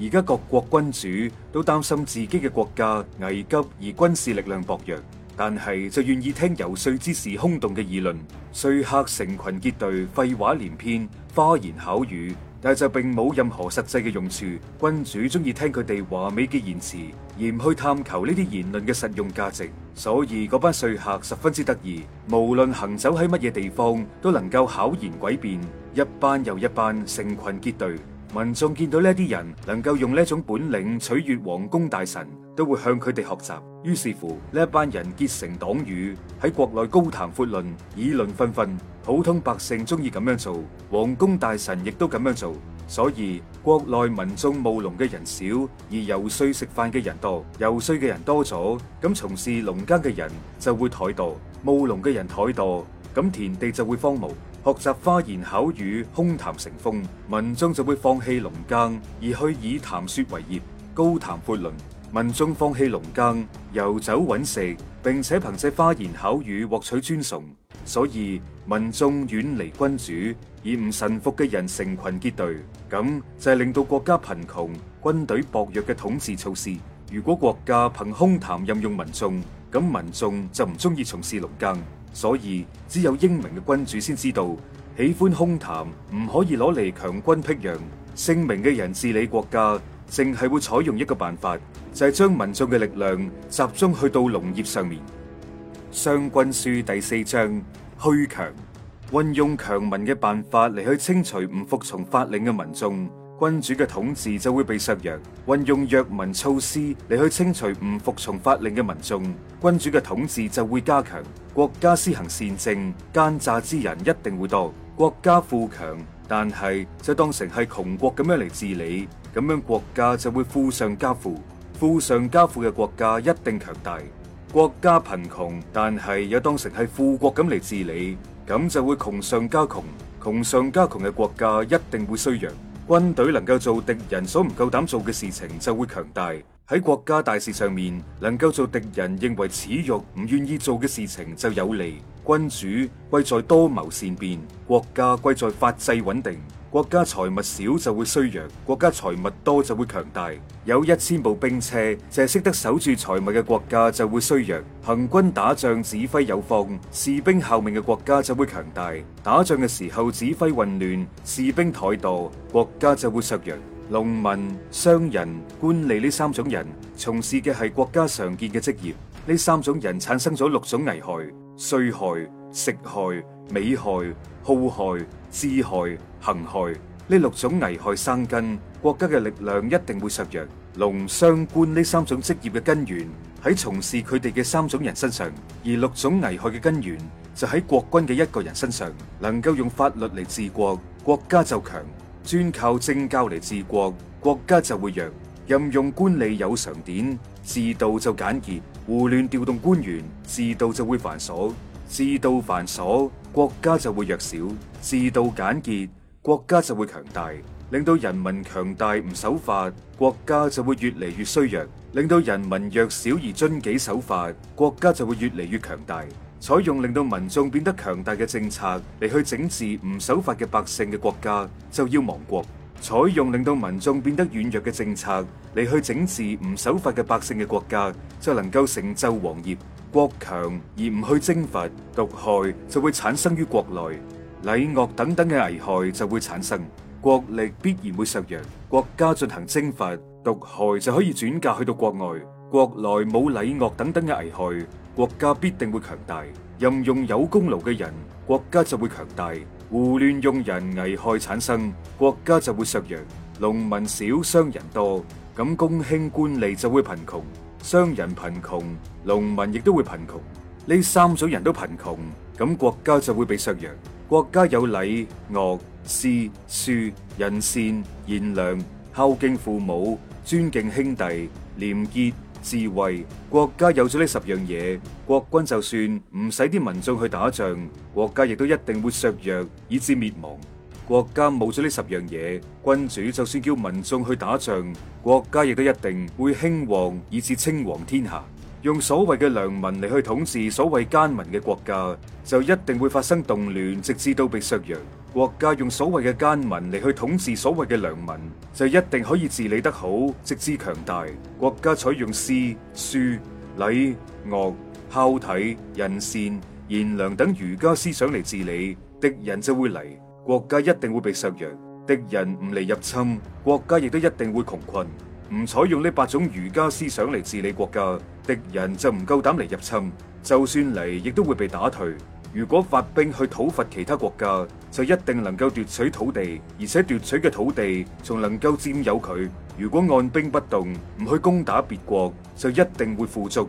而家各國君主都擔心自己嘅國家危急而軍事力量薄弱。但係就願意聽游說之時空洞嘅議論，說客成群結隊，廢話連篇，花言巧語，但係就並冇任何實際嘅用處。君主中意聽佢哋華美嘅言辭，而唔去探求呢啲言論嘅實用價值。所以嗰班說客十分之得意，無論行走喺乜嘢地方，都能夠巧言詭辯，一班又一班，成群結隊。民眾見到呢一啲人能夠用呢種本領取悅王公大臣，都會向佢哋學習。於是乎，呢一班人結成黨羽，喺國內高談闊論，議論紛紛。普通百姓中意咁樣做，王公大臣亦都咁樣做。所以國內民眾務農嘅人少，而游說食飯嘅人多。游說嘅人多咗，咁從事農耕嘅人就會怠惰，務農嘅人怠惰，咁田地就會荒蕪。學習花言巧語，空談成風，民眾就會放棄農耕而去以談說為業，高談闊論。民眾放棄農耕，遊走揾食，並且憑借花言巧語獲取尊崇，所以民眾遠離君主以唔臣服嘅人成群結隊，咁就係令到國家貧窮、軍隊薄弱嘅統治措施。如果國家憑空談任用民眾，咁民眾就唔中意從事農耕。所以只有英明嘅君主先知道，喜歡空談唔可以攞嚟強軍辟揚。聖明嘅人治理國家，淨係會採用一個辦法，就係、是、將民眾嘅力量集中去到農業上面。《商君書》第四章：去強，運用強民嘅辦法嚟去清除唔服從法令嘅民眾。君主嘅統治就會被削弱，運用弱民措施嚟去清除唔服從法令嘅民眾，君主嘅統治就會加強。國家施行善政，奸詐之人一定會多。國家富強，但係就當成係窮國咁樣嚟治理，咁樣國家就會富上加富，富上加富嘅國家一定強大。國家貧窮，但係又當成係富國咁嚟治理，咁就會窮上加窮，窮上加窮嘅國家一定會衰弱。軍隊能夠做敵人所唔夠膽做嘅事情，就會強大；喺國家大事上面，能夠做敵人認為恥辱、唔願意做嘅事情，就有利。君主貴在多謀善變，國家貴在法制穩定。國家財物少就會衰弱，國家財物多就會強大。有一千部兵車淨係識得守住財物嘅國家就會衰弱，行軍打仗指揮有方、士兵效命嘅國家就會強大。打仗嘅時候指揮混亂、士兵怠惰，國家就會削弱。農民、商人、官吏呢三種人從事嘅係國家常見嘅職業，呢三種人產生咗六種危害：衰害、食害。美害、好害、志害、行害，呢六種危害生根，國家嘅力量一定會削弱。農、商、官呢三種職業嘅根源喺從事佢哋嘅三種人身上，而六種危害嘅根源就喺國君嘅一個人身上。能夠用法律嚟治國，國家就強；專靠政教嚟治國，國家就會弱。任用官吏有常典，治道就簡潔；胡亂調動官員，治道就會繁瑣。治道繁瑣，國家就會弱小，制度簡潔，國家就會強大，令到人民強大唔守法，國家就會越嚟越衰弱，令到人民弱小而遵紀守法，國家就會越嚟越強大。採用令到民眾變得強大嘅政策嚟去整治唔守法嘅百姓嘅國家，就要亡國，採用令到民眾變得軟弱嘅政策嚟去整治唔守法嘅百姓嘅國家就能夠成就王業，國強而唔去征伐，毒害就會產生於國內，禮樂等等嘅危害就會產生，國力必然會削弱。國家進行征伐，毒害就可以轉嫁去到國外，國內冇禮樂等等嘅危害，國家必定會強大。任用有功勞嘅人，國家就會強大；胡亂用人，危害產生，國家就會削弱。農民少，商人多，咁公卿官吏就會貧窮，商人貧窮，農民亦都會貧窮。呢三種人都貧窮，咁國家就會被削弱。國家有禮、樂、詩、書、仁、善、賢良、孝敬父母、尊敬兄弟、廉潔、智慧。國家有咗呢十樣嘢，國君就算唔使啲民眾去打仗，國家亦都一定會削弱，以致滅亡。國家冇咗呢十樣嘢，君主就算叫民眾去打仗，國家亦都一定會興旺，以至稱王天下。用所謂嘅良民嚟去統治所謂奸民嘅國家，就一定會發生動亂，直至到被削弱。國家用所謂嘅奸民嚟去統治所謂嘅良民，就一定可以治理得好，直至強大。國家採用詩、書、禮、樂、孝悌、仁善、賢良等儒家思想嚟治理，敵人就會嚟。國家一定會被削弱，敵人唔嚟入侵，國家亦都一定會窮困。唔採用呢八種儒家思想嚟治理國家，敵人就唔夠膽嚟入侵。就算嚟，亦都會被打退。如果發兵去討伐其他國家，就一定能夠奪取土地，而且奪取嘅土地仲能夠佔有佢。如果按兵不動，唔去攻打別國，就一定會富足。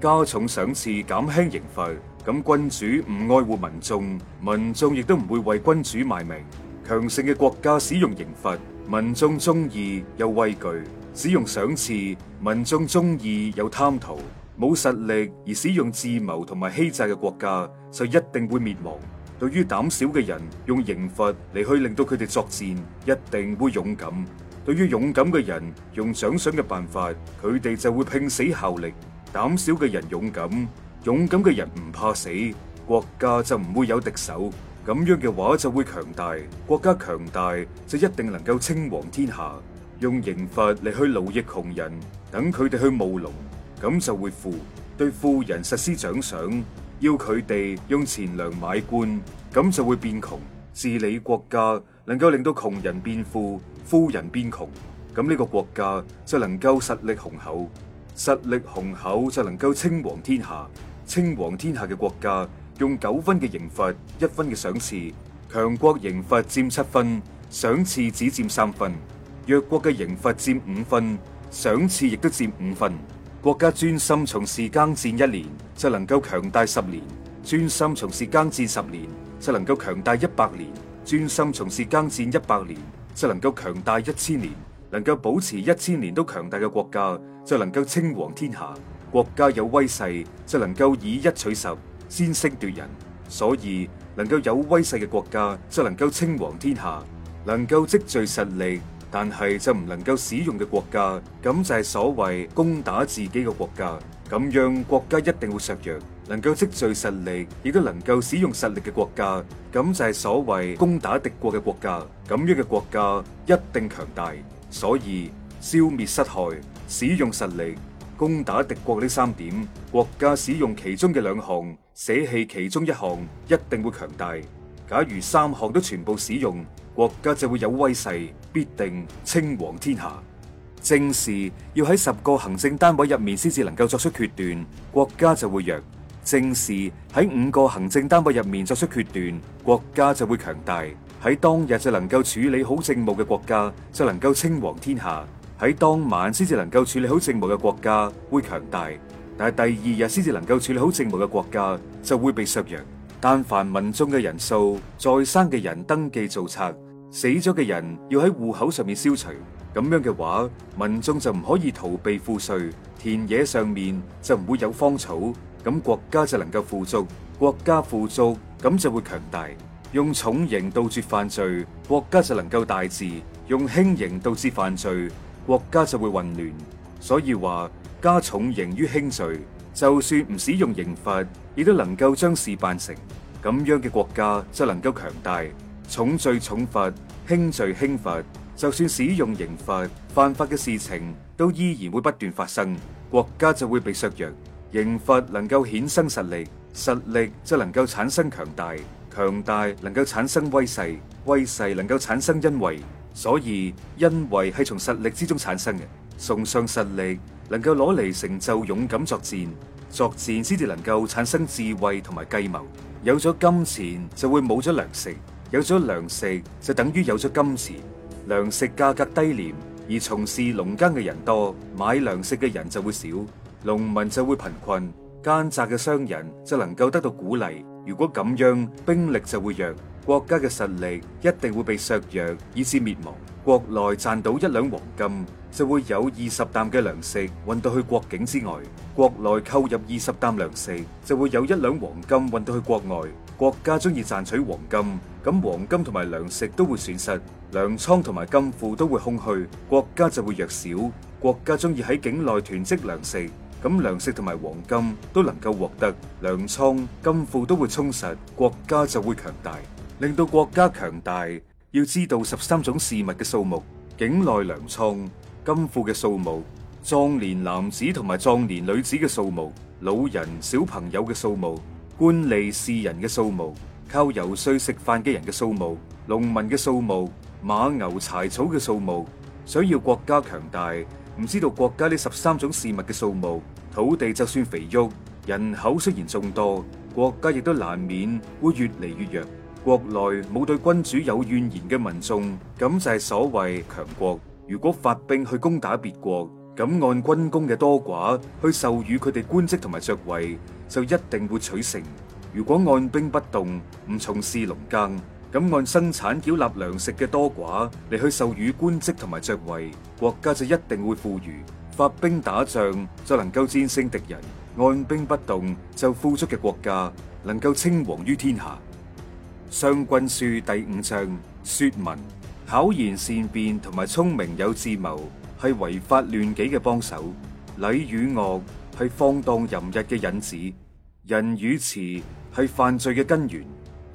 加重賞賜，減輕刑罰，咁君主唔愛護民眾，民眾亦都唔會為君主賣命。強盛嘅國家使用刑罰，民眾中意又畏懼；使用賞賜，民眾中意又貪圖。冇實力而使用自謀同埋欺詐嘅國家，就一定會滅亡。對於膽小嘅人，用刑罰嚟去令到佢哋作戰，一定會勇敢；對於勇敢嘅人，用獎賞嘅辦法，佢哋就會拼死效力。膽小嘅人勇敢，勇敢嘅人唔怕死，國家就唔會有敵手。咁樣嘅話就會強大，國家強大就一定能夠稱王天下。用刑法嚟去奴役窮人，等佢哋去務農，咁就會富；對富人實施獎賞，要佢哋用錢糧買官，咁就會變窮。治理國家能夠令到窮人變富，富人變窮，咁呢個國家就能夠實力雄厚。實力雄厚就能夠稱王天下，稱王天下嘅國家用九分嘅刑罰，一分嘅賞賜；強國刑罰占七分，賞賜只占三分；弱國嘅刑罰占五分，賞賜亦都占五分。國家專心從事耕戰一年就能夠強大十年，專心從事耕戰十年就能夠強大一百年，專心從事耕戰一百年就能夠強大一千年。能夠保持一千年都強大嘅國家就能夠稱王天下，國家有威勢就能夠以一取十，先聲奪人。所以能夠有威勢嘅國家就能夠稱王天下，能夠積聚實力但係就唔能夠使用嘅國家，咁就係所謂攻打自己嘅國家，咁樣國家一定會削弱。能夠積聚實力亦都能夠使用實力嘅國家，咁就係所謂攻打敵國嘅國家，咁樣嘅國家一定強大。所以，消滅失害、使用實力、攻打敵國呢三點，國家使用其中嘅兩項，捨棄其中一項，一定會強大。假如三項都全部使用，國家就會有威勢，必定稱王天下。正事要喺十個行政單位入面先至能夠作出決斷，國家就會弱。正事喺五個行政單位入面作出決斷，國家就會強大。喺當日就能夠處理好政務嘅國家就能夠稱王天下；喺當晚先至能夠處理好政務嘅國家會強大，但係第二日先至能夠處理好政務嘅國家就會被削弱。但凡民眾嘅人數，在生嘅人登記造冊，死咗嘅人要喺戶口上面消除，咁樣嘅話民眾就唔可以逃避賦稅，田野上面就唔會有荒草，咁國家就能夠富足，國家富足咁就會強大。用重刑杜絕犯罪，國家就能夠大治；用輕刑導致犯罪，國家就會混亂。所以話加重刑於輕罪，就算唔使用刑罰，亦都能夠將事辦成。咁樣嘅國家就能夠強大。重罪重罰，輕罪輕，輕罰，就算使用刑罰，犯法嘅事情都依然會不斷發生，國家就會被削弱。刑罰能夠衍生實力，實力就能夠產生強大。強大能夠產生威勢，威勢能夠產生恩惠，所以恩惠係從實力之中產生嘅。崇尚實力能夠攞嚟成就勇敢作戰，作戰先至能夠產生智慧同埋計謀。有咗金錢就會冇咗糧食，有咗糧食就等於有咗金錢。糧食價格低廉而從事農耕嘅人多，買糧食嘅人就會少，農民就會貧困，奸詐嘅商人就能夠得到鼓勵。如果咁樣，兵力就會弱，國家嘅實力一定會被削弱，以致滅亡。國內賺到一兩黃金，就會有二十擔嘅糧食運到去國境之外；國內購入二十擔糧食，就會有一兩黃金運到去國外。國家中意賺取黃金，咁黃金同埋糧食都會損失，糧倉同埋金庫都會空虛，國家就會弱小。國家中意喺境內囤積糧食。咁糧食同埋黃金都能夠獲得，糧倉金庫都會充實，國家就會強大。令到國家強大，要知道十三種事物嘅數目：境內糧倉金庫嘅數目、壯年男子同埋壯年女子嘅數目、老人小朋友嘅數目、官吏士人嘅數目、靠游說食飯嘅人嘅數目、農民嘅數目、馬牛柴草嘅數目。想要國家強大。唔知道國家呢十三種事物嘅數目，土地就算肥沃，人口雖然眾多，國家亦都難免會越嚟越弱。國內冇對君主有怨言嘅民眾，咁就係所謂強國。如果發兵去攻打別國，咁按軍功嘅多寡去授予佢哋官職同埋爵位，就一定會取勝。如果按兵不動，唔從事農耕。咁按生產繳納糧食嘅多寡嚟去授予官職同埋爵位，國家就一定會富裕。發兵打仗就能夠戰勝敵人，按兵不動就富足嘅國家能夠稱王於天下。《商君書》第五章：說文巧言善辯同埋聰明有智謀係違法亂紀嘅幫手，禮與樂係放蕩淫逸嘅引子，人與慈係犯罪嘅根源。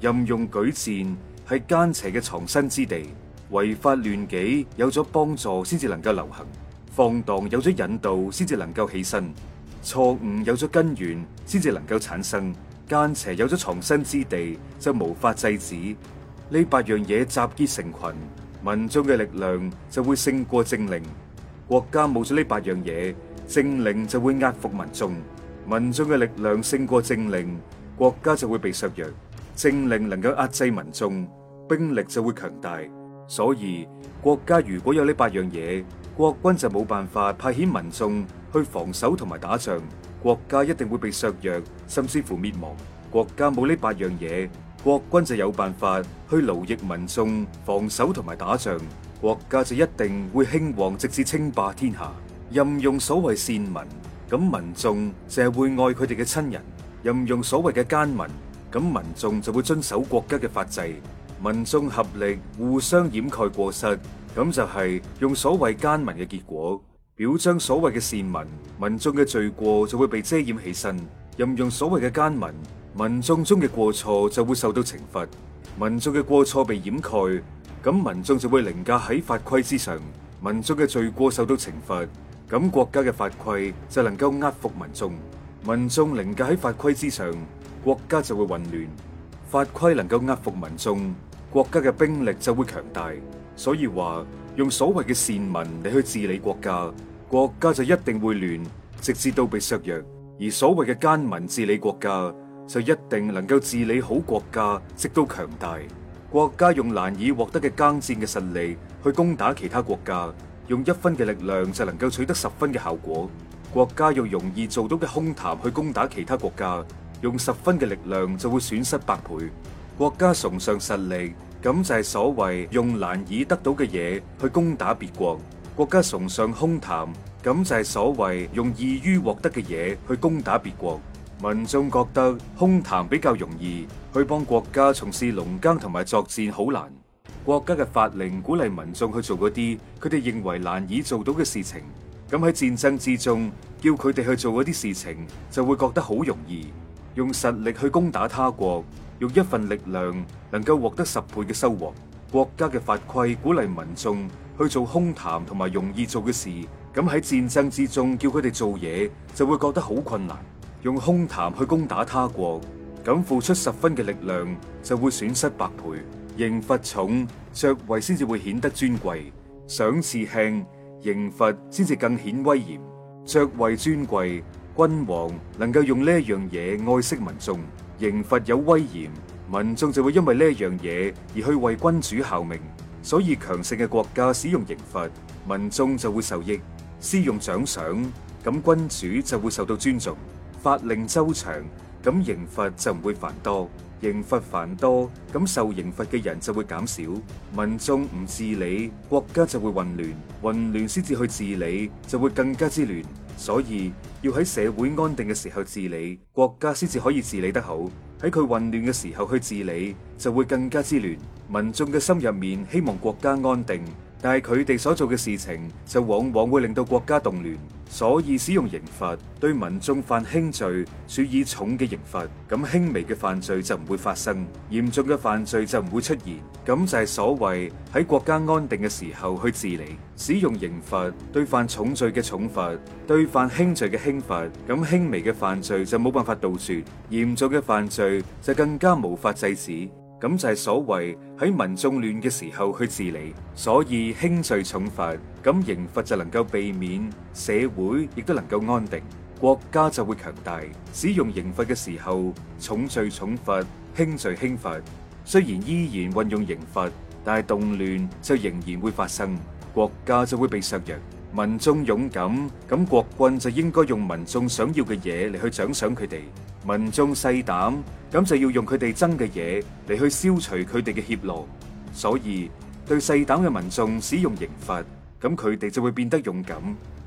任用舉薦係奸邪嘅藏身之地，違法亂紀有咗幫助先至能夠流行；放蕩有咗引導先至能夠起身；錯誤有咗根源先至能夠產生；奸邪有咗藏身之地就無法制止。呢八樣嘢集結成群，民眾嘅力量就會勝過政令；國家冇咗呢八樣嘢，政令就會壓服民眾；民眾嘅力量勝過政令，國家就會被削弱。政令能夠壓制民眾，兵力就會強大。所以國家如果有呢八樣嘢，國君就冇辦法派遣民眾去防守同埋打仗，國家一定會被削弱，甚至乎滅亡。國家冇呢八樣嘢，國君就有辦法去奴役民眾防守同埋打仗，國家就一定會興旺，直至稱霸天下。任用所謂善民，咁民眾就係會愛佢哋嘅親人；任用所謂嘅奸民。咁民眾就會遵守國家嘅法制，民眾合力互相掩蓋過失，咁就係用所謂奸民嘅結果，表彰所謂嘅善民，民眾嘅罪過就會被遮掩起身，任用所謂嘅奸民，民眾中嘅過錯就會受到懲罰，民眾嘅過錯被掩蓋，咁民眾就會凌駕喺法規之上，民眾嘅罪過受到懲罰，咁國家嘅法規就能夠壓服民眾，民眾凌駕喺法規之上。國家就會混亂，法規能夠壓服民眾，國家嘅兵力就會強大。所以話用所謂嘅善民嚟，去治理國家，國家就一定會亂，直至到被削弱。而所謂嘅奸民治理國家，就一定能夠治理好國家，直到強大。國家用難以獲得嘅耕戰嘅實力去攻打其他國家，用一分嘅力量就能夠取得十分嘅效果。國家用容易做到嘅空談去攻打其他國家。用十分嘅力量就會損失百倍。國家崇尚實力，咁就係所謂用難以得到嘅嘢去攻打別國。國家崇尚空談，咁就係所謂用易於獲得嘅嘢去攻打別國。民眾覺得空談比較容易，去幫國家從事農耕同埋作戰，好難。國家嘅法令鼓勵民眾去做嗰啲佢哋認為難以做到嘅事情，咁喺戰爭之中叫佢哋去做嗰啲事情，就會覺得好容易。用實力去攻打他國，用一份力量能夠獲得十倍嘅收穫。國家嘅法規鼓勵民眾去做空談同埋容易做嘅事，咁喺戰爭之中叫佢哋做嘢就會覺得好困難。用空談去攻打他國，咁付出十分嘅力量就會損失百倍。刑罰重，爵位先至會顯得尊貴；賞賜輕，刑罰先至更顯威嚴。爵位尊貴。君王能夠用呢一樣嘢，愛惜民眾，刑罰有威嚴，民眾就會因為呢一樣嘢而去為君主效命。所以強盛嘅國家使用刑罰，民眾就會受益；施用獎賞，咁君主就會受到尊重；法令周長，咁刑罰就唔會繁多。刑罰繁多，咁受刑罰嘅人就會減少。民眾唔治理，國家就會混亂，混亂先至去治理就會更加之亂。所以。要喺社會安定嘅時候治理，國家先至可以治理得好。喺佢混亂嘅時候去治理，就會更加之亂。民眾嘅心入面希望國家安定，但係佢哋所做嘅事情就往往會令到國家動亂，所以使用刑罰對民眾犯輕罪處以重嘅刑罰，咁輕微嘅犯罪就唔會發生，嚴重嘅犯罪就唔會出現。咁就係所謂喺國家安定嘅時候去治理，使用刑罰對犯重罪嘅重罰，對犯輕罪嘅輕罰，咁輕微嘅犯罪就冇辦法杜絕，嚴重嘅犯罪就更加無法制止。咁就係所謂喺民眾亂嘅時候去治理，所以輕罪重罰，咁刑罰就能夠避免，社會亦都能夠安定，國家就會強大。使用刑罰嘅時候，重罪重罰，輕罪輕罰，雖然依然運用刑罰，但係動亂就仍然會發生，國家就會被削弱。民眾勇敢，咁國君就應該用民眾想要嘅嘢嚟去獎賞佢哋；民眾細膽，咁就要用佢哋憎嘅嘢嚟去消除佢哋嘅怯懦。所以對細膽嘅民眾使用刑罰，咁佢哋就會變得勇敢；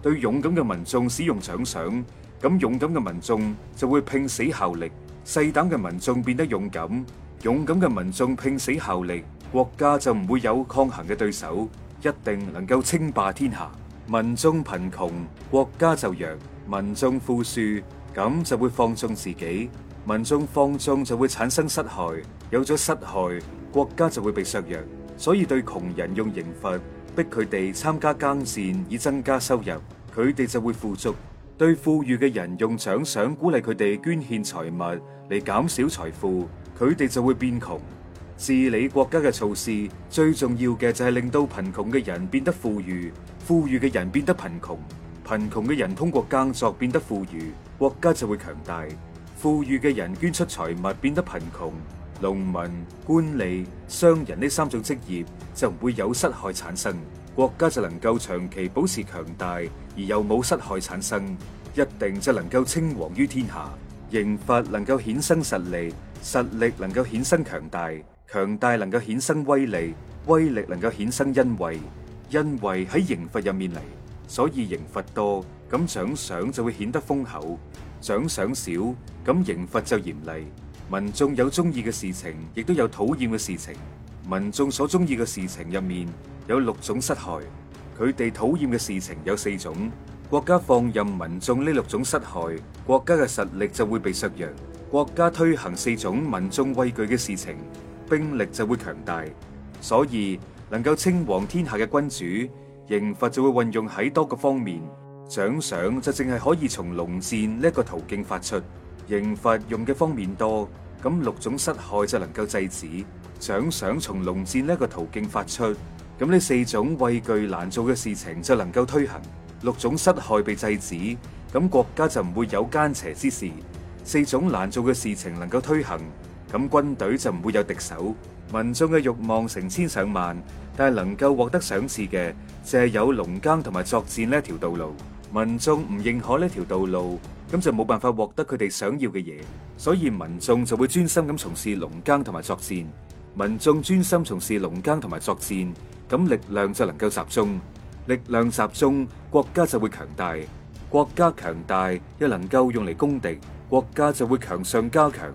對勇敢嘅民眾使用獎賞，咁勇敢嘅民眾就會拼死效力。細膽嘅民眾變得勇敢，勇敢嘅民眾拼死效力，國家就唔會有抗衡嘅對手，一定能夠稱霸天下。民眾貧窮，國家就弱；民眾富庶，咁就會放縱自己。民眾放縱就會產生失害，有咗失害，國家就會被削弱。所以對窮人用刑罰，逼佢哋參加耕戰以增加收入，佢哋就會富足；對富裕嘅人用獎賞鼓勵佢哋捐獻財物嚟減少財富，佢哋就會變窮。治理國家嘅措施，最重要嘅就係令到貧窮嘅人變得富裕，富裕嘅人變得貧窮，貧窮嘅人通過耕作變得富裕，國家就會強大。富裕嘅人捐出財物變得貧窮，農民、官吏、商人呢三種職業就唔會有失害產生，國家就能夠長期保持強大而又冇失害產生，一定就能夠稱王於天下，刑罰能夠衍生實力，實力能夠衍生強大。強大能夠衍生威力，威力能夠衍生恩惠，恩惠喺刑罰入面嚟，所以刑罰多咁獎賞就會顯得豐厚，獎賞少咁刑罰就嚴厲。民眾有中意嘅事情，亦都有討厭嘅事情。民眾所中意嘅事情入面有六種失害，佢哋討厭嘅事情有四種。國家放任民眾呢六種失害，國家嘅實力就會被削弱。國家推行四種民眾畏懼嘅事情。兵力就會強大，所以能夠稱王天下嘅君主，刑罰就會運用喺多個方面。獎賞就淨係可以從龍戰呢一個途徑發出。刑罰用嘅方面多，咁六種失害就能夠制止。獎賞從龍戰呢一個途徑發出，咁呢四種畏懼難做嘅事情就能夠推行。六種失害被制止，咁國家就唔會有奸邪之事。四種難做嘅事情能夠推行。咁軍隊就唔會有敵手，民眾嘅欲望成千上萬，但係能夠獲得賞賜嘅就係有農耕同埋作戰呢條道路。民眾唔認可呢條道路，咁就冇辦法獲得佢哋想要嘅嘢，所以民眾就會專心咁從事農耕同埋作戰。民眾專心從事農耕同埋作戰，咁力量就能夠集中。力量集中，國家就會強大。國家強大又能夠用嚟攻敵，國家就會強上加強。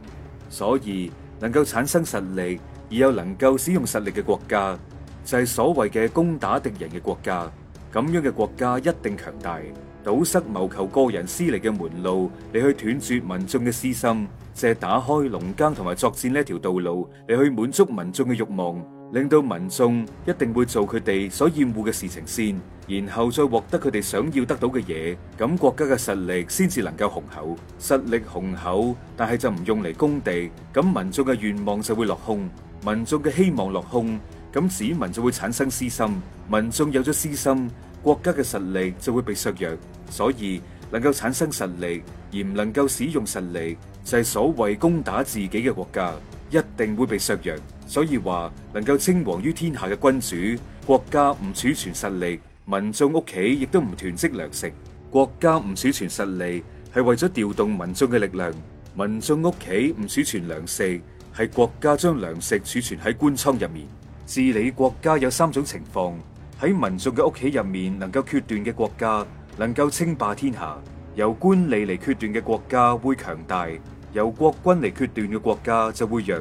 所以能夠產生實力，而又能夠使用實力嘅國家，就係、是、所謂嘅攻打敵人嘅國家。咁樣嘅國家一定強大。堵塞謀求個人私利嘅門路，你去斷絕民眾嘅私心，就係打開農耕同埋作戰呢一條道路，你去滿足民眾嘅欲望。令到民眾一定會做佢哋所厭惡嘅事情先，然後再獲得佢哋想要得到嘅嘢，咁國家嘅實力先至能夠雄厚。實力雄厚，但係就唔用嚟攻地，咁民眾嘅願望就會落空，民眾嘅希望落空，咁子民就會產生私心。民眾有咗私心，國家嘅實力就會被削弱。所以能夠產生實力而唔能夠使用實力，就係所謂攻打自己嘅國家，一定會被削弱。所以話，能夠稱王於天下嘅君主，國家唔儲存實力，民眾屋企亦都唔囤積糧食。國家唔儲存實力，係為咗調動民眾嘅力量；民眾屋企唔儲存糧食，係國家將糧食儲存喺官倉入面。治理國家有三種情況：喺民眾嘅屋企入面能夠決斷嘅國家，能夠稱霸天下；由官吏嚟決斷嘅國家會強大；由國君嚟決斷嘅國家就會弱。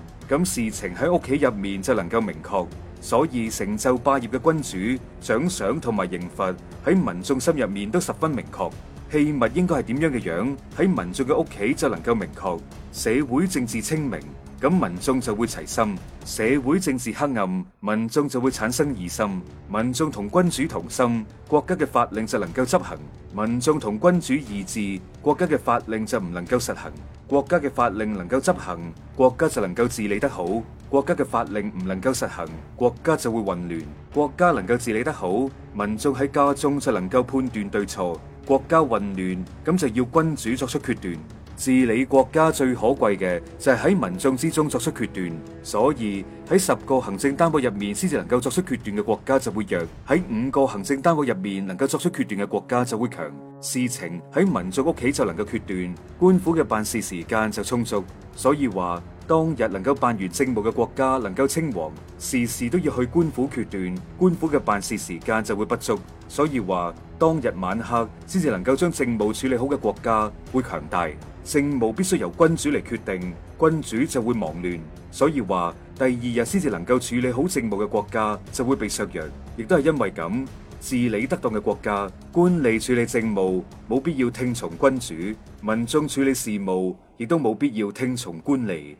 咁事情喺屋企入面就能夠明確，所以成就霸業嘅君主獎賞同埋刑罰喺民眾心入面都十分明確，器物應該係點樣嘅樣喺民眾嘅屋企就能夠明確，社會政治清明。咁民眾就會齊心，社會政治黑暗，民眾就會產生疑心。民眾同君主同心，國家嘅法令就能夠執行；民眾同君主異志，國家嘅法令就唔能夠實行。國家嘅法令能夠執行，國家就能夠治理得好；國家嘅法令唔能夠實行，國家就會混亂。國家能夠治理得好，民眾喺家中就能夠判斷對錯；國家混亂，咁就要君主作出決斷。治理國家最可貴嘅就係喺民眾之中作出決斷，所以喺十個行政單位入面先至能夠作出決斷嘅國家就會弱；喺五個行政單位入面能夠作出決斷嘅國家就會強。事情喺民眾屋企就能夠決斷，官府嘅辦事時間就充足，所以話當日能夠辦完政務嘅國家能夠稱王。時事都要去官府決斷，官府嘅辦事時間就會不足，所以話當日晚黑先至能夠將政務處理好嘅國家會強大。政務必須由君主嚟決定，君主就會忙亂，所以話第二日先至能夠處理好政務嘅國家就會被削弱，亦都係因為咁治理得當嘅國家，官吏處理政務冇必要聽從君主，民眾處理事務亦都冇必要聽從官吏。